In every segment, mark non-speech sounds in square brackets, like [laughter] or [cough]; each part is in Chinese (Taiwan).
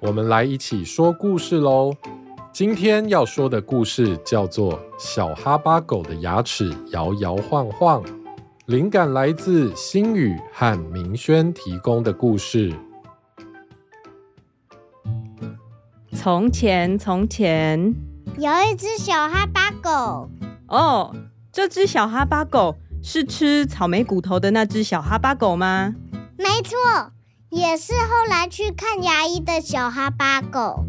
我們來一起說故事嘍！今天要說的故事叫做《小哈巴狗的牙齒搖搖晃晃》，靈感來自芯語和銘軒提供的故事。從前，從前有一只小哈巴狗。哦，這只小哈巴狗是吃草莓骨頭的那只小哈巴狗嗎？沒錯。也是後來去看牙醫的小哈巴狗。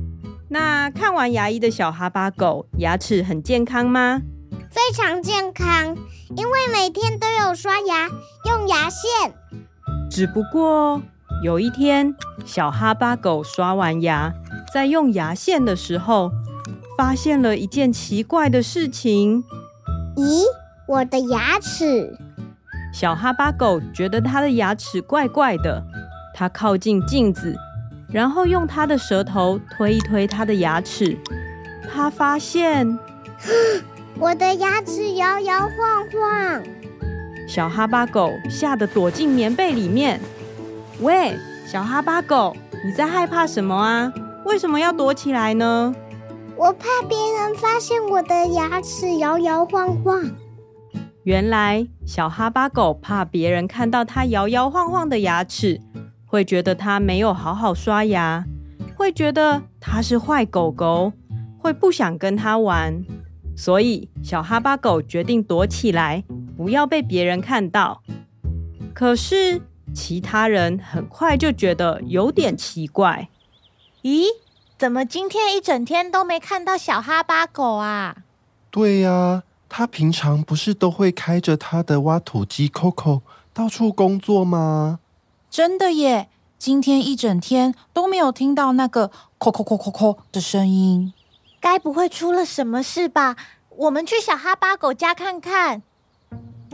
那看完牙醫的小哈巴狗，牙齒很健康嗎？非常健康，因為每天都有刷牙，用牙線。只不過有一天，小哈巴狗刷完牙，在用牙線的時候，發現了一件奇怪的事情。咦？我的牙齒。小哈巴狗覺得它的牙齒怪怪的。他靠近鏡子，然後用他的舌頭推一推他的牙齒。他發現，我的牙齒搖搖晃晃。小哈巴狗嚇得躲進棉被裡面。餵，小哈巴狗，你在害怕什麼啊？為什麼要躲起來呢？我怕別人發現我的牙齒搖搖晃晃。原來，小哈巴狗怕別人看到它搖搖晃晃的牙齒。會覺得他沒有好好刷牙，會覺得他是壞狗狗，會不想跟他玩。所以小哈巴狗決定躲起來，不要被別人看到。可是其他人很快就覺得有點奇怪，咦？怎麼今天一整天都沒看到小哈巴狗啊？對呀、啊，他平常不是都會開着他的挖土機 Coco 到處工作嗎？真的耶！今天一整天都沒有聽到那個“扣扣扣扣扣”的聲音，該不會出了什麼事吧？我們去小哈巴狗家看看。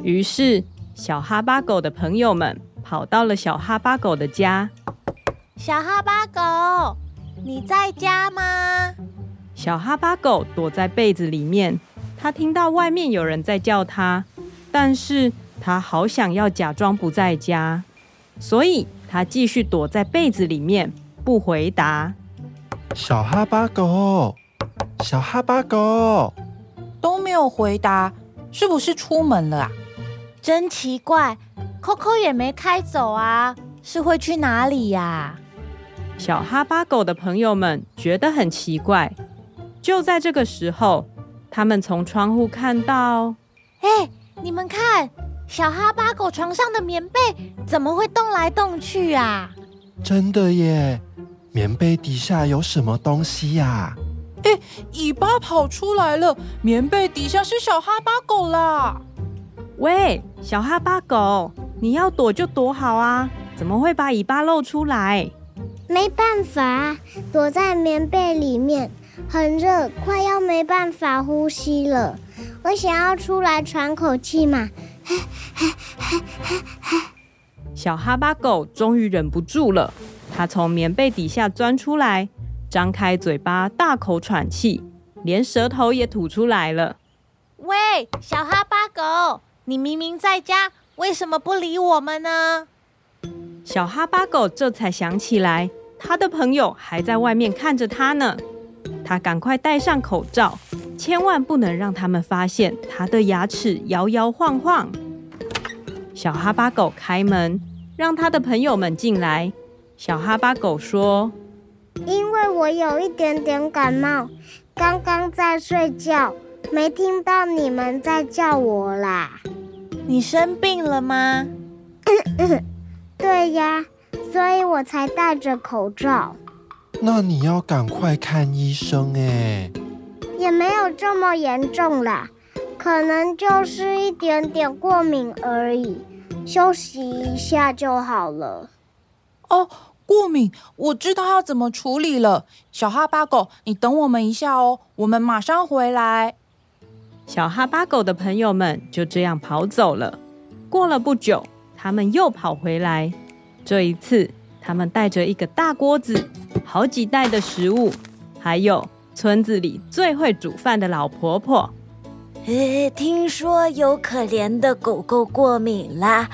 於是，小哈巴狗的朋友們跑到了小哈巴狗的家。小哈巴狗，你在家嗎？小哈巴狗躲在被子裡面，他聽到外面有人在叫他，但是他好想要假裝不在家。所以，他繼續躲在被子裡面，不回答。小哈巴狗，小哈巴狗都沒有回答，是不是出門了啊？真奇怪，Coco 扣扣也沒開走啊，是會去哪裡呀，啊？小哈巴狗的朋友們覺得很奇怪。就在這個時候，他們從窗戶看到，哎，你們看。小哈巴狗床上的棉被怎麼會動來動去啊？真的耶！棉被底下有什麼東西呀？誒，尾巴跑出來了！棉被底下是小哈巴狗啦！喂，小哈巴狗，你要躲就躲好啊！怎麼會把尾巴露出來？沒辦法，躲在棉被裡面很熱，快要沒辦法呼吸了。我想要出來喘口氣嘛。 [laughs] 小哈巴狗終於忍不住了，它從棉被底下鑽出來，張開嘴巴大口喘氣，連舌頭也吐出來了。喂，小哈巴狗，你明明在家，為什麼不理我們呢？小哈巴狗這才想起來，他的朋友還在外面看着他呢。他趕快戴上口罩。千萬不能讓他們發現他的牙齒搖搖晃晃。小哈巴狗開門，讓他的朋友們進來。小哈巴狗說：“因為我有一點點感冒，剛剛在睡覺，沒聽到你們在叫我啦。”你生病了嗎？咳咳，對呀，所以我才戴着口罩。那你要趕快看醫生哎。也沒有這麼嚴重啦，可能就是一點點過敏而已，休息一下就好了。哦，過敏，我知道要怎麼處理了。小哈巴狗，你等我們一下哦，我們馬上回來。小哈巴狗的朋友們就這樣跑走了。過了不久，他們又跑回來。這一次，他們帶着一個大鍋子，好幾袋的食物，還有。村子裡最會煮飯的老婆婆，呃，聽說有可憐的狗狗過敏啦，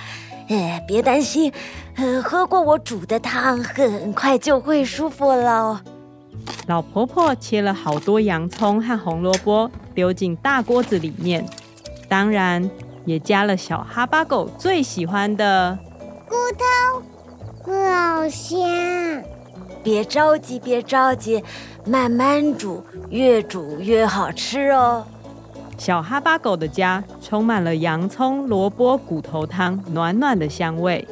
呃，別擔心，呃，喝過我煮的湯，很快就會舒服了。老婆婆切了好多洋蔥和紅蘿蔔，丟進大鍋子裡面，當然也加了小哈巴狗最喜歡的骨頭，骨好香。別着急，別着急，慢慢煮，越煮越好吃哦。小哈巴狗的家充滿了洋蔥、蘿蔔、骨頭湯暖暖的香味。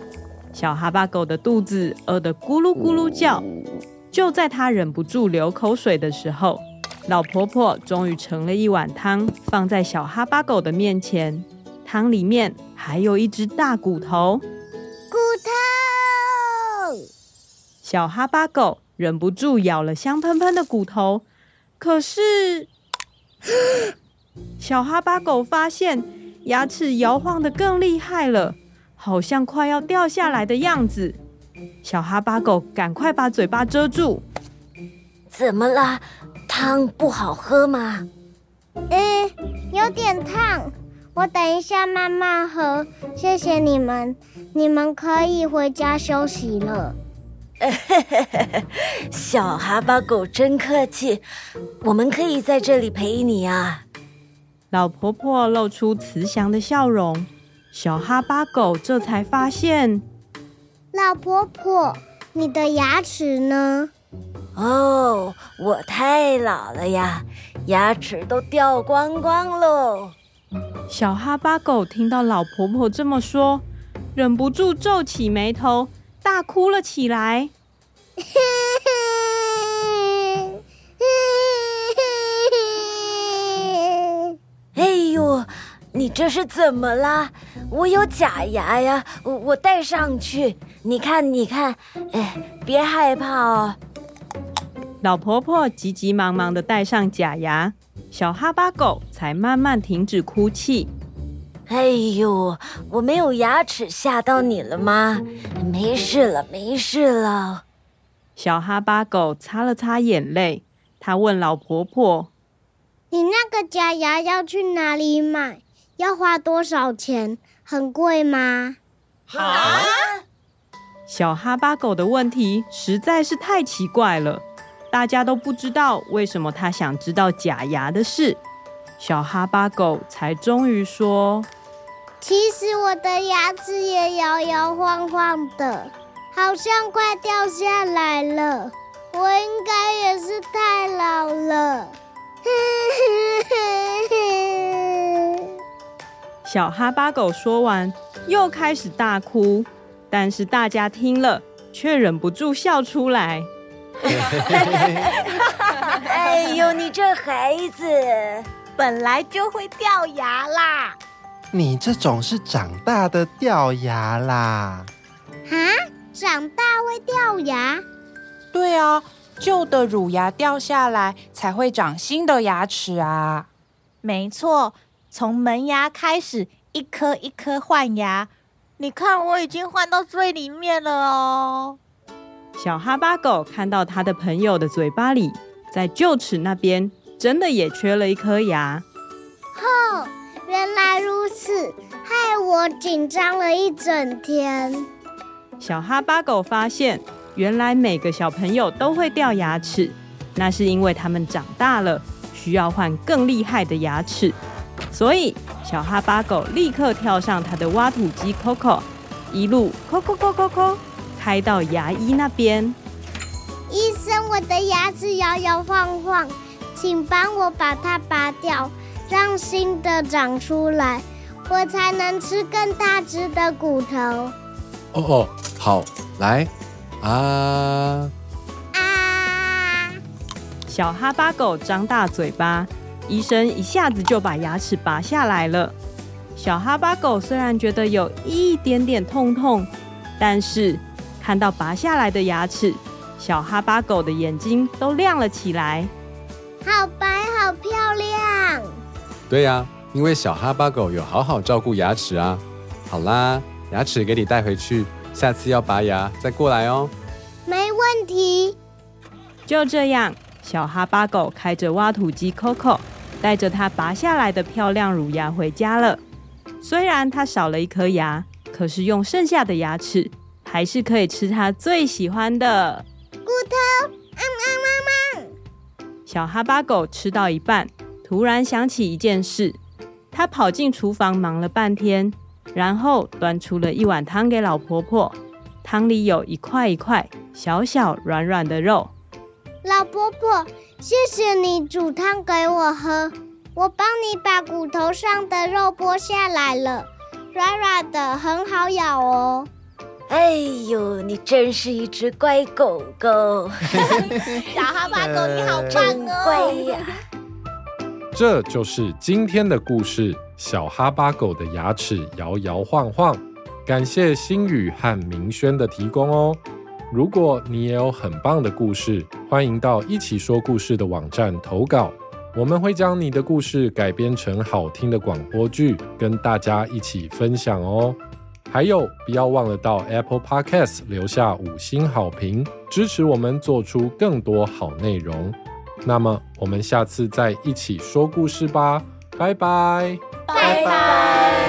小哈巴狗的肚子餓得咕嚕咕嚕叫。就在他忍不住流口水的時候，老婆婆終於盛了一碗湯放在小哈巴狗的面前。湯裡面還有一隻大骨頭。小哈巴狗忍不住咬了香噴噴的骨頭，可是 [coughs] 小哈巴狗發現牙齒搖晃得更厲害了，好像快要掉下來的樣子。小哈巴狗趕快把嘴巴遮住。怎麼啦？湯不好喝嗎？欸，有點燙，我等一下慢慢喝。謝謝你們，你們可以回家休息了。 [laughs] 小哈巴狗真客氣，我們可以在這裡陪你啊！老婆婆露出慈祥的笑容，小哈巴狗這才發現， [laughs] 老婆婆，你的牙齒呢？哦，我太老了呀，牙齒都掉光光嘍！小哈巴狗聽到老婆婆這麼說，忍不住皺起眉頭。大哭了起來。哎呦，你這是怎麼啦？我有假牙呀，我我戴上去，你看你看，哎，別害怕哦。老婆婆急急忙忙的戴上假牙，小哈巴狗才慢慢停止哭泣。哎呦，我沒有牙齒嚇到你了嗎？沒事了，沒事了。小哈巴狗擦了擦眼淚，他問老婆婆：“你那個假牙要去哪裡買？要花多少錢？很貴嗎？”好、啊。小哈巴狗的問題實在是太奇怪了，大家都不知道為什麼他想知道假牙的事。小哈巴狗才終於說。其實我的牙齒也搖搖晃晃的，好像快掉下來了。我應該也是太老了。 [laughs] 小哈巴狗說完，又開始大哭，但是大家聽了卻忍不住笑出來。 [laughs] [laughs] 哎呦，你這孩子，本來就會掉牙啦！你這種是長大的掉牙啦！啊，長大會掉牙？對啊，舊的乳牙掉下來，才會長新的牙齒啊。沒錯，從門牙開始，一顆一顆換牙。你看，我已經換到最裡面了哦。小哈巴狗看到他的朋友的嘴巴裡，在臼齒那邊真的也缺了一顆牙。哼。原來如此，害我緊張了一整天。小哈巴狗發現，原來每個小朋友都會掉牙齒，那是因為他們長大了，需要換更厲害的牙齒。所以，小哈巴狗立刻跳上他的挖土機 Coco，一路 Coco Coco Coco，開到牙醫那邊。醫生，我的牙齒搖搖晃晃，請幫我把它拔掉。讓新的長出來，我才能吃更大隻的骨頭。哦哦、oh oh，好來啊啊！Uh，小哈巴狗張大嘴巴，醫生一下子就把牙齒拔下來了。小哈巴狗雖然覺得有一點點痛痛，但是看到拔下來的牙齒，小哈巴狗的眼睛都亮了起來，好白，好漂亮。對呀、啊，因為小哈巴狗有好好照顧牙齒啊。好啦，牙齒給你帶回去，下次要拔牙再過來哦。沒問題。就這樣，小哈巴狗開着挖土機 Coco，帶着它拔下來的漂亮乳牙回家了。雖然它少了一顆牙，可是用剩下的牙齒還是可以吃它最喜歡的骨頭。嗯嗯嗯，小哈巴狗吃到一半。突然想起一件事，他跑進廚房忙了半天，然後端出了一碗湯給老婆婆。湯裡有一塊一塊小小軟軟的肉。老婆婆，謝謝你煮湯給我喝，我幫你把骨頭上的肉剝下來了，軟軟的，很好咬哦。哎呦，你真是一隻乖狗狗， [laughs] 小哈巴狗，你好棒哦，呃，真乖呀。這就是今天的故事。小哈巴狗的牙齒搖搖晃晃。感謝芯語和銘軒的提供哦。如果你也有很棒的故事，歡迎到一起說故事的網站投稿。我們會將你的故事改編成好聽的廣播劇，跟大家一起分享哦。還有，不要忘了到 Apple Podcast 留下五星好評，支持我們做出更多好內容。那麼我們下次再一起說故事吧，拜拜，拜拜。